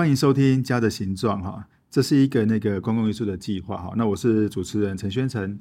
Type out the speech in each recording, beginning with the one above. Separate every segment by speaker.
Speaker 1: 歡迎收聽《家的形狀》哈，這是一個那個公共藝術的計劃哈。那我是主持人陳宣誠。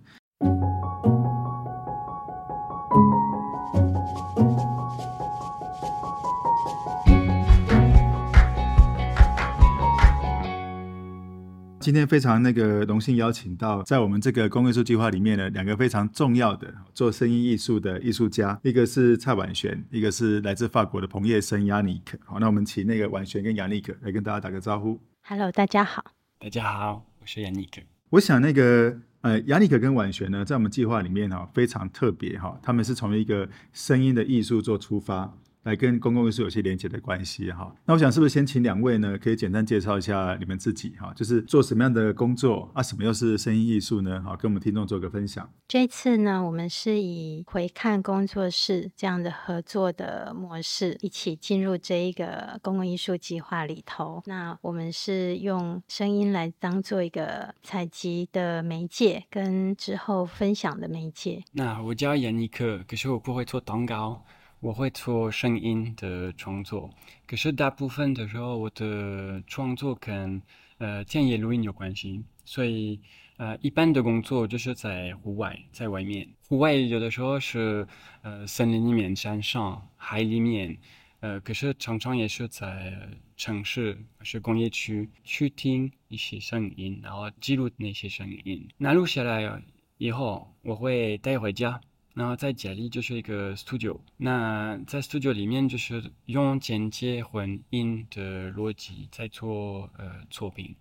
Speaker 1: 今天非常那個榮幸邀請到，在我們這個公共藝術計劃裡面呢，兩個非常重要的做聲音藝術的藝術家，一個是蔡宛璇，一個是來自法國的澎葉生 Yannick。好，那我們請那個宛璇跟 Yannick 來跟大家打個招呼。Hello，大家好。大家好，我是 Yannick。我想那個呃，Yannick 跟宛璇呢，在我們計劃裡面哈、哦、非常特別哈、哦，他們是從一個聲音的藝術做出發，來跟公共藝術有些連接的關係哈，那我想是不是先請兩位呢，可以簡單介紹一下你們自己哈，就是做什麼樣的工作啊，什麼又是聲音藝術呢？好，跟我們聽眾做個分享。這次呢，我們是以回看工作室這樣的合作的模式，一起進入這一個公共藝術計劃裡頭。那我們是用聲音來當做一個採集的媒介，跟之後分享的媒介。
Speaker 2: 那我叫亞尼克，可是我不會做蛋糕。我會做聲音的創作，可是大部分的時候我的創作跟呃田野錄音有關係，所以呃一般的工作就是在戶外，在外面。戶外有的時候是呃森林裡面、山上、海裡面，呃可是常常也是在城市、是工業區去聽一些聲音，然後記錄那些聲音，那錄下來以後我會帶回家。然後在家裡就是一個 studio，那在 studio 裡面就是用剪接混音的邏輯在做呃作品，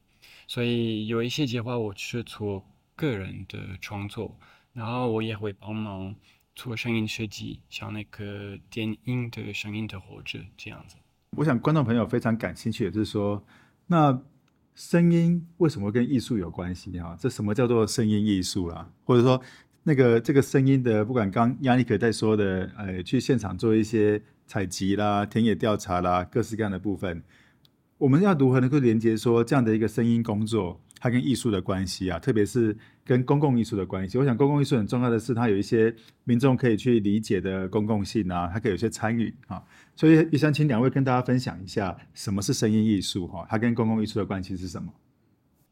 Speaker 2: 所以有一些計劃我是做個人的創作，然後我也會幫忙做聲音設計，像那個電影的聲音的後製這樣子。
Speaker 1: 我想觀眾朋友非常感興趣的就是說，那聲音為什麼跟藝術有關係啊？這什麼叫做聲音藝術啊？或者說？那個這個聲音的，不管剛亞尼克在說的，呃，去現場做一些採集啦、田野調查啦，各式各樣的部分，我們要如何能夠連接說這樣的一個聲音工作，它跟藝術的關係啊，特別是跟公共藝術的關係。我想公共藝術很重要的是，它有一些民眾可以去理解的公共性啊，它可以有些參與啊。所以也想請兩位跟大家分享一下，什麼是聲音藝術？哈，它跟公共藝術的關係是什麼？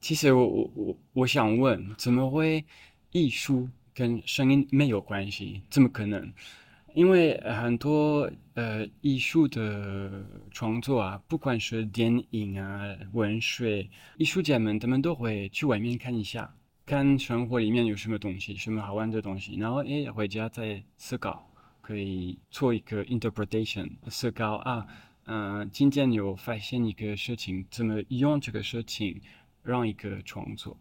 Speaker 2: 其實我我我我想問，怎麼會藝術？跟聲音沒有關係，怎麼可能？因為很多呃藝術的創作啊，不管是電影啊、文學，藝術家們他們都會去外面看一下，看生活裡面有什麼東西，什麼好玩的東西，然後誒，回家再思考，可以做一個 interpretation，思考啊，嗯、呃，今天有發現一個事情，怎麼用這個事情讓一個創作。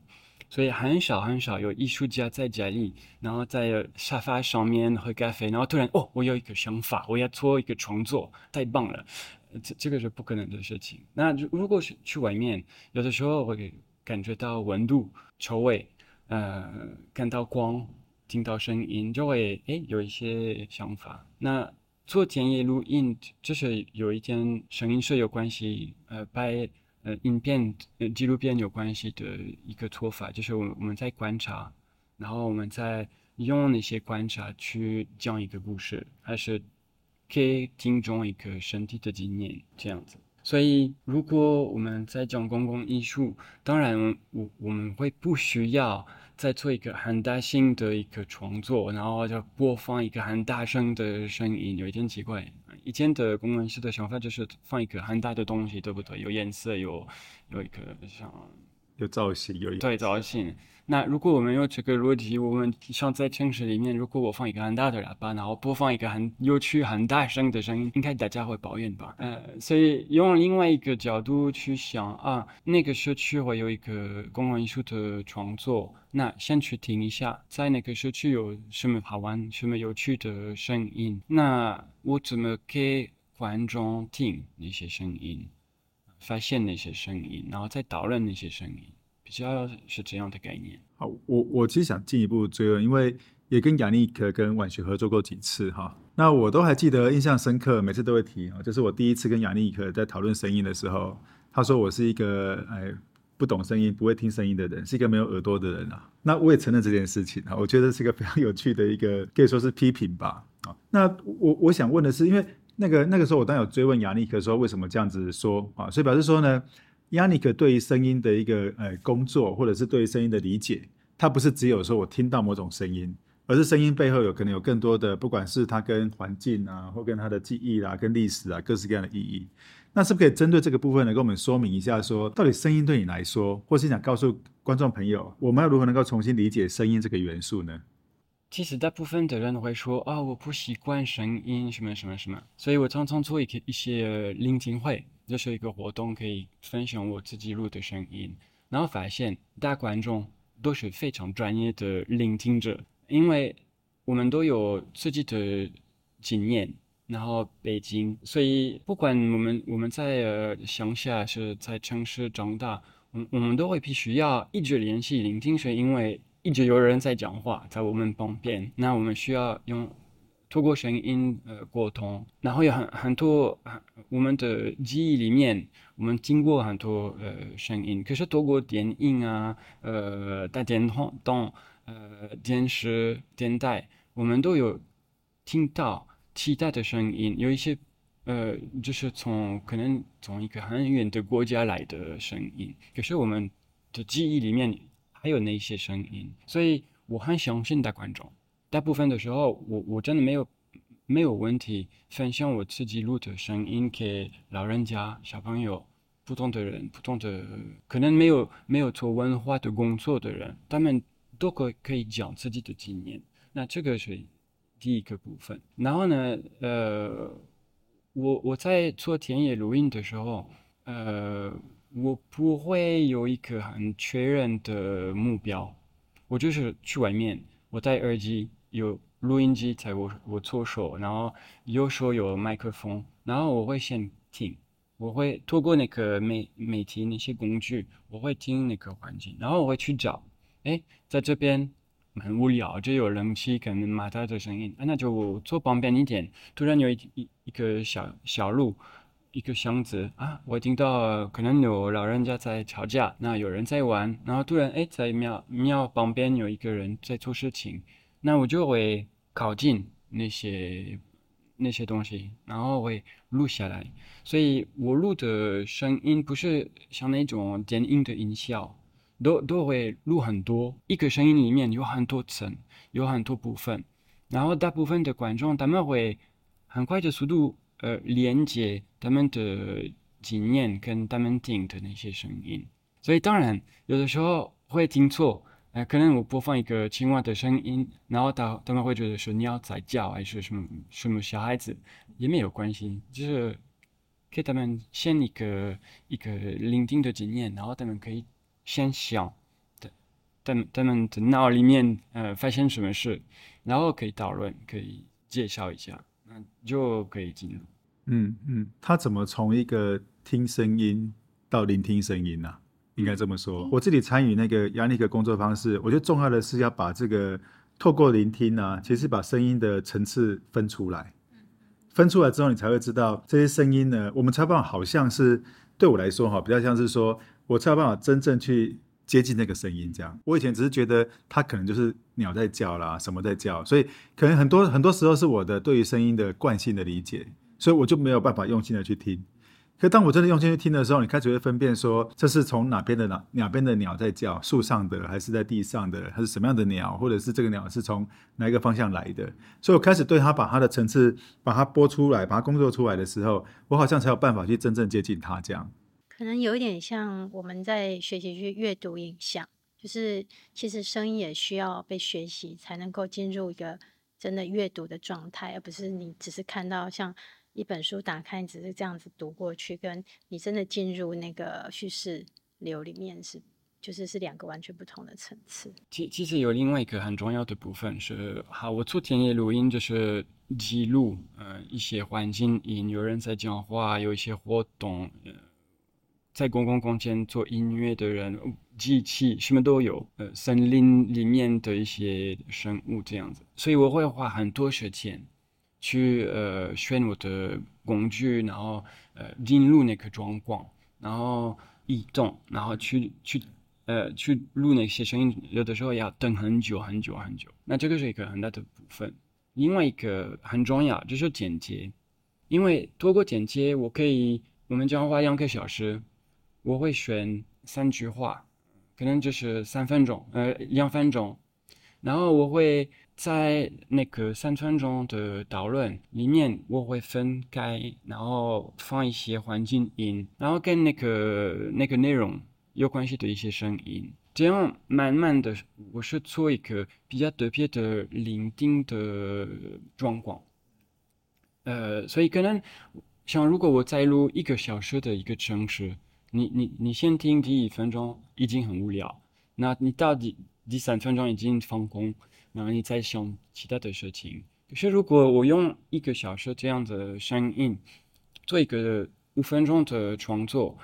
Speaker 2: 所以很少很少有藝術家在家裡，然後在沙發上面喝咖啡，然後突然哦，我有一個想法，我要做一個創作，太棒了！這這個是不可能的事情。那如果是去外面，有的時候我會感覺到溫度、臭味，呃，看到光、聽到聲音，就會誒、哎，有一些想法。那做田野錄音就是有一天聲音是有關係，呃，拍。呃，影片、呃紀錄片有關係的一個做法，就是我們、我們在觀察，然後我們再用那些觀察去講一個故事，還是給聽眾一個身體的經驗這樣子。所以，如果我們在講公共藝術，當然我、我們會不需要再做一個很大型的一個創作，然後就播放一個很大聲的聲音，有一點奇怪。以前的公共藝術的想法就是放一個很大的東西，對不對？有顏色，有，有一個像。造型有一對造型。那如果我們有這個邏輯，我們像在城市裡面，如果我放一個很大的喇叭，然後播放一個很有趣、很大聲的聲音，應該大家會抱怨吧？呃，所以用另外一個角度去想啊，那個社區會有一個公共藝術的創作，那先去聽一下，在那個社區有什麼好玩、什麼有趣的聲音？那我怎麼給觀眾聽那些聲音？發現那些聲音，然後再討論那些聲音。其他是這樣的概念。
Speaker 1: 好，我我其實想進一步追問，因為也跟雅尼克跟宛璇合作過幾次哈、啊。那我都還記得，印象深刻，每次都會提啊。就是我第一次跟雅尼克在討論聲音的時候，他說我是一個哎不懂聲音、不會聽聲音的人，是一個沒有耳朵的人啊。那我也承認這件事情啊，我覺得是一個非常有趣的一個可以說是批評吧啊。那我我想問的是，因為那個那個時候我當，我當有追問雅尼克說為什麼這樣子說啊，所以表示說呢。亞尼克對於聲音的一個呃工作，或者是對於聲音的理解，它不是只有說我聽到某種聲音，而是聲音背後有可能有更多的，不管是它跟環境啊，或跟它的記憶啦、啊、跟歷史啊，各式各樣的意義。那是不是可以針對這個部分，能跟我們說明一下說，說到底聲音對你來說，或是想告訴觀眾朋友，我們要如何能夠重新理解聲音這個元素呢？
Speaker 2: 其實大部分的人會說哦，我不習慣聲音，什麼什麼什麼，所以我常常做一個一些、呃、聆聽會，就是一個活動，可以分享我自己錄的聲音，然後發現大觀眾都是非常專業的聆聽者，因為我們都有自己的經驗，然後背景，所以不管我們我們在、呃、鄉下，是在城市長大，我我們都會必須要一直聯繫聆聽者，因為。一直有人在講話，在我們旁邊。那我們需要用透過聲音呃溝通。然後有很很多，我們的記憶裡面，我們聽過很多呃聲音。可是透過電影啊，呃，大電筒、呃、電視、電台，我們都有聽到其他的聲音。有一些呃，就是從可能從一個很遠的國家來的聲音。可是我們的記憶裡面。還有那些聲音？所以我很相信大觀眾。大部分的時候，我我真的沒有沒有問題分享我自己錄的聲音給老人家、小朋友、普通的人、普通的可能沒有沒有做文化的工作的人，他們都可可以講自己的經驗。那這個是第一個部分。然後呢，呃，我我在做田野錄音的時候，呃。我不會有一個很確認的目標，我就是去外面，我戴耳機，有錄音機在我我左手，然後右手有麥克風，然後我會先聽，我會透過那個媒媒體那些工具，我會聽那個環境，然後我會去找，誒，在這邊很無聊，就有冷氣可能馬達的聲音，哎、啊，那就我坐旁邊一點，突然有一一一，一個小小路。一個箱子啊，我聽到可能有老人家在吵架，那有人在玩，然後突然誒，在廟廟旁邊有一個人在做事情，那我就會靠近那些那些東西，然後會錄下來。所以我錄的聲音不是像那種電影的音效，都都會錄很多，一個聲音裡面有很多層，有很多部分，然後大部分的觀眾他們會很快的速度，呃，連接他們的經驗跟他們聽的那些聲音，所以當然有的時候會聽錯，呃，可能我播放一個青蛙的聲音，然後他他們會覺得說是鳥在叫，還是什麼什麼小孩子，也沒有關係，就是給他們先一個一個聆聽的經驗，然後他們可以先想，他他他們的腦裡面呃發現什麼事，然後可以討論，可以介紹一下，那就
Speaker 1: 可以進入。嗯嗯，他怎麼從一個聽聲音到聆聽聲音呢、啊？應該這麼說，我自己參與那個 Yannick 的工作方式，我覺得重要的是要把這個透過聆聽啊，其實把聲音的層次分出來，分出來之後，你才會知道這些聲音呢，我們才有辦法好像是對我來說哈，比較像是說，我才有辦法真正去接近那個聲音這樣。我以前只是覺得它可能就是鳥在叫啦，什麼在叫，所以可能很多很多時候是我的對於聲音的慣性的理解。所以我就沒有辦法用心的去聽。可當我真的用心去聽的時候，你開始會分辨說這是從哪邊的哪哪邊的鳥在叫，樹上的還是在地上的，還是什麼樣的鳥，或者是這個鳥是從哪一個方向來的。所以我開始對他把他的層次把它播出來，把它工作出來的時候，我好像才有辦法去真正接近他。這樣可能有一點像我們在學習去閱讀影像，就是其實聲音也需要被學習，才能夠進入一個真的閱讀的狀態，而不是你只是看到像。一本書打開你只是這樣子讀過去，跟你真的進入那個敘事流裡面是，就是是兩個完全不同的層次。
Speaker 2: 其其實有另外一個很重要的部分是，好，我做田野錄音就是記錄，呃，一些環境音，有人在講話，有一些活動，呃，在公共空間做音樂的人、機器什麼都有，呃，森林裡面的一些生物這樣子，所以我會花很多時間。去呃，選我的工具，然後呃，進入那個狀況，然後移動，然後去去呃，去錄那些聲音，有的時候要等很久很久很久。那這個是一個很大的部分。另外一個很重要就是剪接，因為透過剪接，我可以我們講話兩個小時，我會選三句話，可能就是三分鐘呃，兩分鐘。然後我會在那個三分鐘的討論裡面，我會分開，然後放一些環境音，然後跟那個那個內容有關係的一些聲音，這樣慢慢的，我是做一個比較特別的聆聽的狀況。呃，所以可能像如果我再錄一個小時的一個城市，你你你先聽第一分鐘，已經很無聊，那你到底？第三分鐘已經放空，然後你在想其他的事情。可是如果我用一個小時這樣的聲音，做一個五分鐘的創作，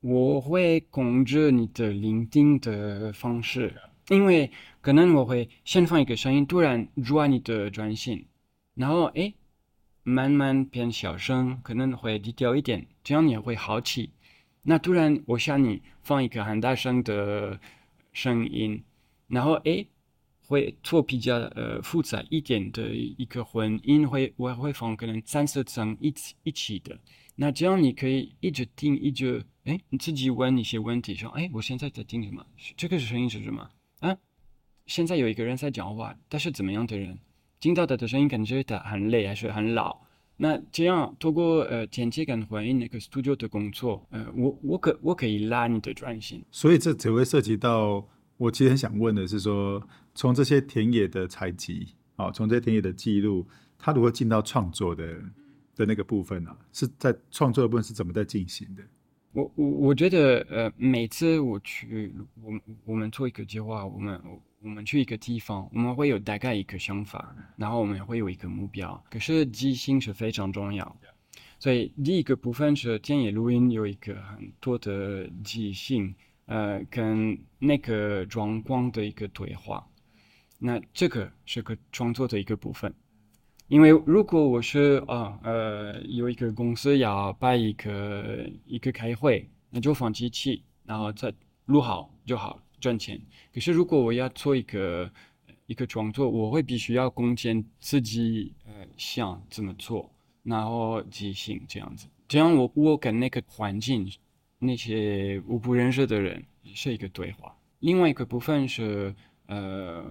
Speaker 2: 我會控制你的聆聽的方式，因為可能我會先放一個聲音，突然抓你的專心，然後哎、欸、慢慢變小聲，可能會低調一點，這樣你也會好奇。那突然我向你放一個很大聲的聲音。然後，誒，會做比較呃複雜一點的一個混音，會我會放可能三四層一起一起的。那這樣你可以一直聽，一直誒，你自己問一些問題，說誒，我現在在聽什麼？這個聲音是什麼？啊，現在有一個人在講話，他是怎麼樣的人？聽到他的，的聲音，感覺他很累，還是很老。那這樣通過呃間接感混音那個 studio 的工作，呃，我我可我可以拉你的專心。
Speaker 1: 所以這只會涉及到。我其實很想問的是說，從這些田野的採集，啊、哦，從這些田野的記錄，它如何進到創作的的那個部分呢、啊？是在創作的部分是怎麼在進行的？
Speaker 2: 我我我覺得，呃，每次我去，我我們做一個計劃，我們我們去一個地方，我們會有大概一個想法，嗯、然後我們也會有一個目標。可是即興是非常重要，的、嗯，所以第一個部分是田野錄音有一個很多的即興。呃，跟那個狀況的一個對話，那這個是個創作的一個部分。因為如果我是啊、哦、呃有一個公司要辦一個一個開會，那就放機器，然後再錄好就好賺錢。可是如果我要做一個一個創作，我會必須要攻堅自己呃想怎麼做，然後即興這樣子。這樣我我跟那個環境。那些我不認識的人是一個對話。另外一個部分是，呃，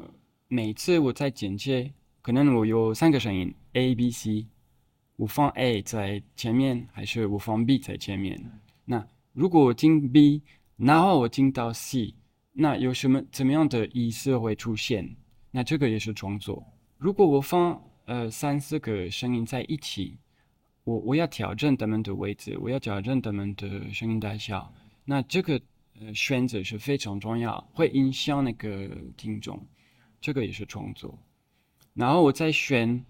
Speaker 2: 每次我在剪接，可能我有三個聲音 A、B、C，我放 A 在前面，還是我放 B 在前面嗯。那如果我聽 B，然後我聽到 C，那有什麼怎麼樣的意思會出現？那這個也是創作。如果我放呃三四個聲音在一起。我我要調整他們的位置，我要調整他們的聲音大小。那這個呃選擇是非常重要，會影響那個聽眾。這個也是創作。然後我再選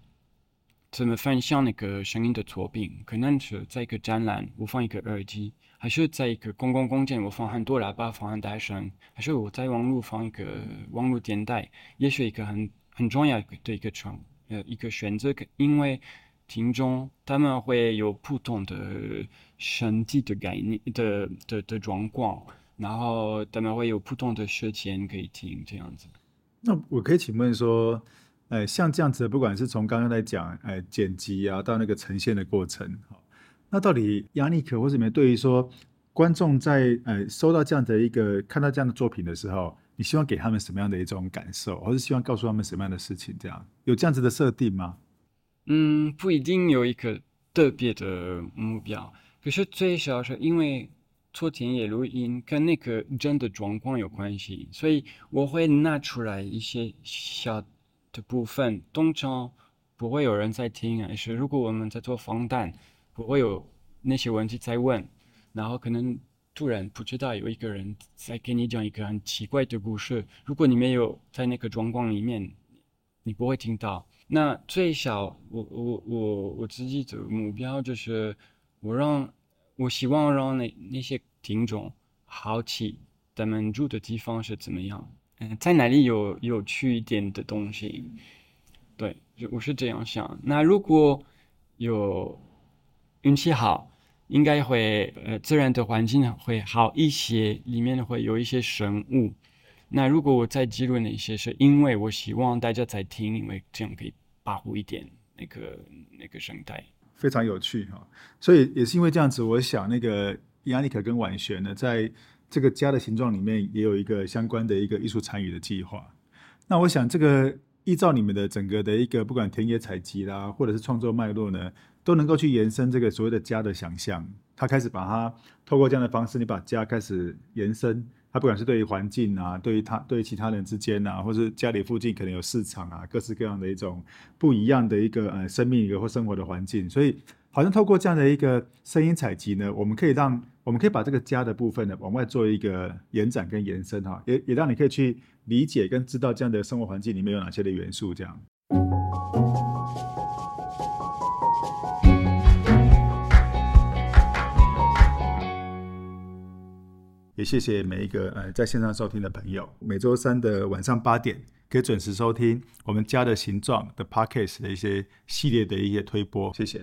Speaker 2: 怎麼分享那個聲音的作品，可能是在一個展覽，我放一個耳機，還是在一個公共空間，我放很多喇叭，放很大聲，還是我在網絡放一個網絡電台，也是一個很很重要的一個創呃一個選擇，因為。聽眾，他們會有不同的身體的概念的、的、的狀況，然後他們會有不同的需求可以聽這樣子。
Speaker 1: 那我可以請問說，呃、哎，像這樣子，不管是從剛剛在講，呃、哎，剪輯啊，到那個呈現的過程，那到底亞尼克或者你對於說觀眾在呃、哎、收到這樣的一個看到這樣的作品的時候，你希望給他們什麼樣的一種感受，或是希望告訴他們什麼樣的事情，這樣有這樣子的設定嗎？
Speaker 2: 嗯，不一定有一個特別的目標，可是最少是，因為做田野錄音跟那個真的狀況有關係，所以我會拿出來一些小的部分，通常不會有人在聽還是，如果我們在做訪談，不會有那些問題在問，然後可能突然不知道有一個人在給你講一個很奇怪的故事，如果你沒有在那個狀況裡面，你不會聽到。那最小我我我我自己的目標就是我讓我希望讓那那些聽眾好奇咱們住的地方是怎麼樣，嗯、呃、在哪裡有有趣一點的東西，對，就我是這樣想。那如果有運氣好，應該會呃自然的環境會好一些，裡面會有一些生物。那如果我在記錄那些，是因為我希望大家在聽，因為這樣可以。保護一點那個那個生態，
Speaker 1: 非常有趣哈、哦。所以也是因為這樣子，我想那個亞尼克跟宛璇呢，在這個家的形狀裡面也有一個相關的一個藝術參與的計劃。那我想這個依照你們的整個的一個不管田野採集啦，或者是創作脈絡呢，都能夠去延伸這個所謂的家的想象。他開始把它透過這樣的方式，你把家開始延伸。它，不管是對於環境啊，對於他，對於其他人之間啊，或是家裡附近可能有市場啊，各式各樣的一種不一樣的一個呃生命或生活的環境，所以好像透過這樣的一個聲音採集呢，我們可以讓我們可以把這個家的部分呢往外做一個延展跟延伸哈，啊，也也讓你可以去理解跟知道這樣的生活環境裡面有哪些的元素這樣。也謝謝每一個呃在線上收聽的朋友，每周三的晚上八點可以準時收聽我們家的形狀的 Podcast 的一些系列的一些推播，謝謝。